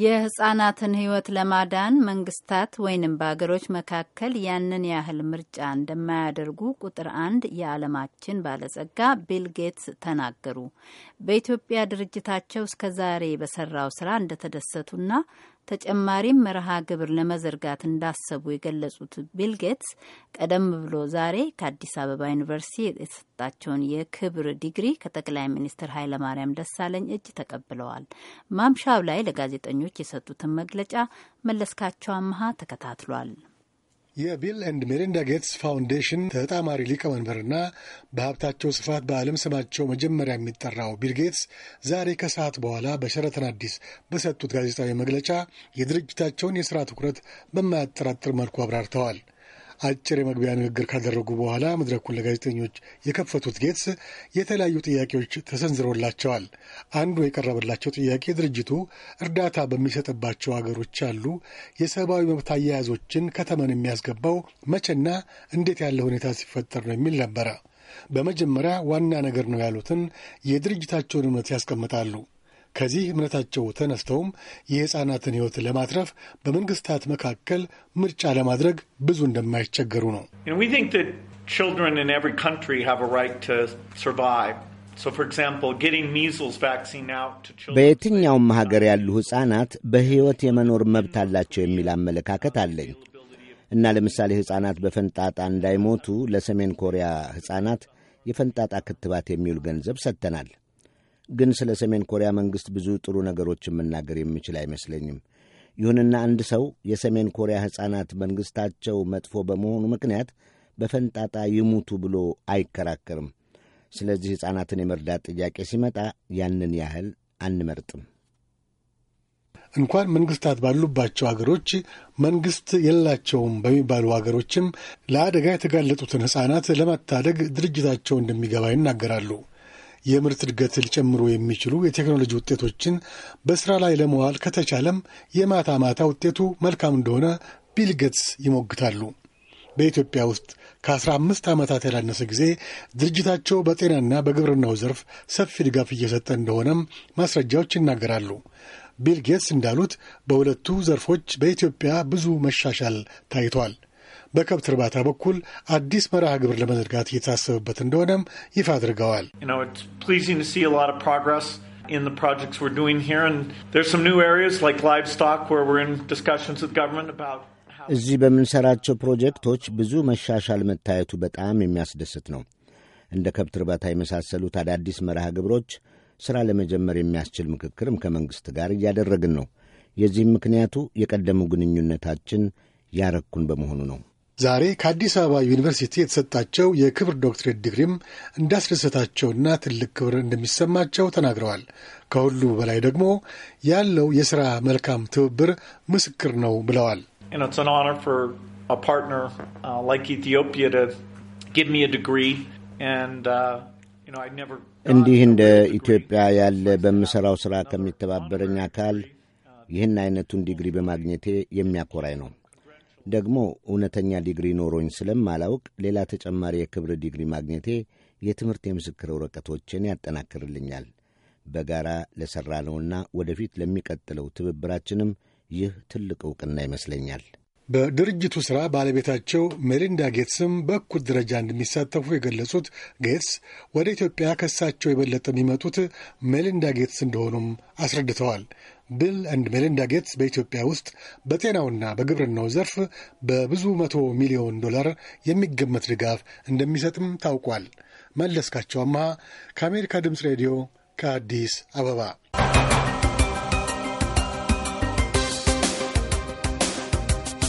የህጻናትን ህይወት ለማዳን መንግስታት ወይንም በሀገሮች መካከል ያንን ያህል ምርጫ እንደማያደርጉ ቁጥር አንድ የዓለማችን ባለጸጋ ቢል ጌትስ ተናገሩ። በኢትዮጵያ ድርጅታቸው እስከ ዛሬ በሰራው ስራ እንደተደሰቱና ተጨማሪም መርሃ ግብር ለመዘርጋት እንዳሰቡ የገለጹት ቢል ጌትስ ቀደም ብሎ ዛሬ ከአዲስ አበባ ዩኒቨርሲቲ የተሰጣቸውን የክብር ዲግሪ ከጠቅላይ ሚኒስትር ኃይለማርያም ደሳለኝ እጅ ተቀብለዋል። ማምሻው ላይ ለጋዜጠኞች የሰጡትን መግለጫ መለስካቸው አመሃ ተከታትሏል። የቢል ኤንድ ሜሊንዳ ጌትስ ፋውንዴሽን ተጣማሪ ሊቀመንበርና በሀብታቸው ስፋት በዓለም ስማቸው መጀመሪያ የሚጠራው ቢል ጌትስ ዛሬ ከሰዓት በኋላ በሸረተን አዲስ በሰጡት ጋዜጣዊ መግለጫ የድርጅታቸውን የሥራ ትኩረት በማያጠራጥር መልኩ አብራርተዋል። አጭር የመግቢያ ንግግር ካደረጉ በኋላ መድረኩን ለጋዜጠኞች የከፈቱት ጌትስ የተለያዩ ጥያቄዎች ተሰንዝሮላቸዋል። አንዱ የቀረበላቸው ጥያቄ ድርጅቱ እርዳታ በሚሰጥባቸው አገሮች ያሉ የሰብአዊ መብት አያያዞችን ከተመን የሚያስገባው መቼና እንዴት ያለ ሁኔታ ሲፈጠር ነው የሚል ነበረ። በመጀመሪያ ዋና ነገር ነው ያሉትን የድርጅታቸውን እምነት ያስቀምጣሉ። ከዚህ እምነታቸው ተነስተውም የሕፃናትን ሕይወት ለማትረፍ በመንግስታት መካከል ምርጫ ለማድረግ ብዙ እንደማይቸገሩ ነው። በየትኛውም ሀገር ያሉ ሕፃናት በሕይወት የመኖር መብት አላቸው የሚል አመለካከት አለኝ እና ለምሳሌ ሕፃናት በፈንጣጣ እንዳይሞቱ ለሰሜን ኮሪያ ሕፃናት የፈንጣጣ ክትባት የሚውል ገንዘብ ሰጥተናል። ግን ስለ ሰሜን ኮሪያ መንግሥት ብዙ ጥሩ ነገሮችን መናገር የሚችል አይመስለኝም። ይሁንና አንድ ሰው የሰሜን ኮሪያ ሕፃናት መንግሥታቸው መጥፎ በመሆኑ ምክንያት በፈንጣጣ ይሙቱ ብሎ አይከራከርም። ስለዚህ ሕፃናትን የመርዳት ጥያቄ ሲመጣ ያንን ያህል አንመርጥም። እንኳን መንግስታት ባሉባቸው አገሮች መንግስት የላቸውም በሚባሉ አገሮችም ለአደጋ የተጋለጡትን ሕፃናት ለመታደግ ድርጅታቸው እንደሚገባ ይናገራሉ። የምርት እድገት ሊጨምሩ የሚችሉ የቴክኖሎጂ ውጤቶችን በስራ ላይ ለመዋል ከተቻለም የማታ ማታ ውጤቱ መልካም እንደሆነ ቢል ጌትስ ይሞግታሉ። በኢትዮጵያ ውስጥ ከአስራ 15 ዓመታት ያላነሰ ጊዜ ድርጅታቸው በጤናና በግብርናው ዘርፍ ሰፊ ድጋፍ እየሰጠ እንደሆነም ማስረጃዎች ይናገራሉ። ቢል ጌትስ እንዳሉት በሁለቱ ዘርፎች በኢትዮጵያ ብዙ መሻሻል ታይቷል። በከብት እርባታ በኩል አዲስ መርሃ ግብር ለመዘርጋት እየታሰበበት እንደሆነም ይፋ አድርገዋል። እዚህ በምንሰራቸው ፕሮጀክቶች ብዙ መሻሻል መታየቱ በጣም የሚያስደስት ነው። እንደ ከብት እርባታ የመሳሰሉት አዳዲስ መርሃ ግብሮች ሥራ ለመጀመር የሚያስችል ምክክርም ከመንግሥት ጋር እያደረግን ነው። የዚህም ምክንያቱ የቀደመው ግንኙነታችን ያረኩን በመሆኑ ነው። ዛሬ ከአዲስ አበባ ዩኒቨርሲቲ የተሰጣቸው የክብር ዶክትሬት ዲግሪም እንዳስደሰታቸውና ትልቅ ክብር እንደሚሰማቸው ተናግረዋል። ከሁሉ በላይ ደግሞ ያለው የሥራ መልካም ትብብር ምስክር ነው ብለዋል። uh, uh, እንዲህ እንደ ኢትዮጵያ ያለ በምሠራው ሥራ ከሚተባበረኝ አካል uh, ይህን አይነቱን ዲግሪ በማግኘቴ የሚያኮራኝ ነው። ደግሞ እውነተኛ ዲግሪ ኖሮኝ ስለማላውቅ ሌላ ተጨማሪ የክብር ዲግሪ ማግኘቴ የትምህርት የምስክር ወረቀቶችን ያጠናክርልኛል። በጋራ ለሠራነውና ወደፊት ለሚቀጥለው ትብብራችንም ይህ ትልቅ ዕውቅና ይመስለኛል። በድርጅቱ ሥራ ባለቤታቸው ሜሊንዳ ጌትስም በእኩል ደረጃ እንደሚሳተፉ የገለጹት ጌትስ ወደ ኢትዮጵያ ከሳቸው የበለጠ የሚመጡት ሜሊንዳ ጌትስ እንደሆኑም አስረድተዋል። ቢል እንድ ሜሊንዳ ጌትስ በኢትዮጵያ ውስጥ በጤናውና በግብርናው ዘርፍ በብዙ መቶ ሚሊዮን ዶላር የሚገመት ድጋፍ እንደሚሰጥም ታውቋል። መለስካቸው አምሃ ከአሜሪካ ድምፅ ሬዲዮ ከአዲስ አበባ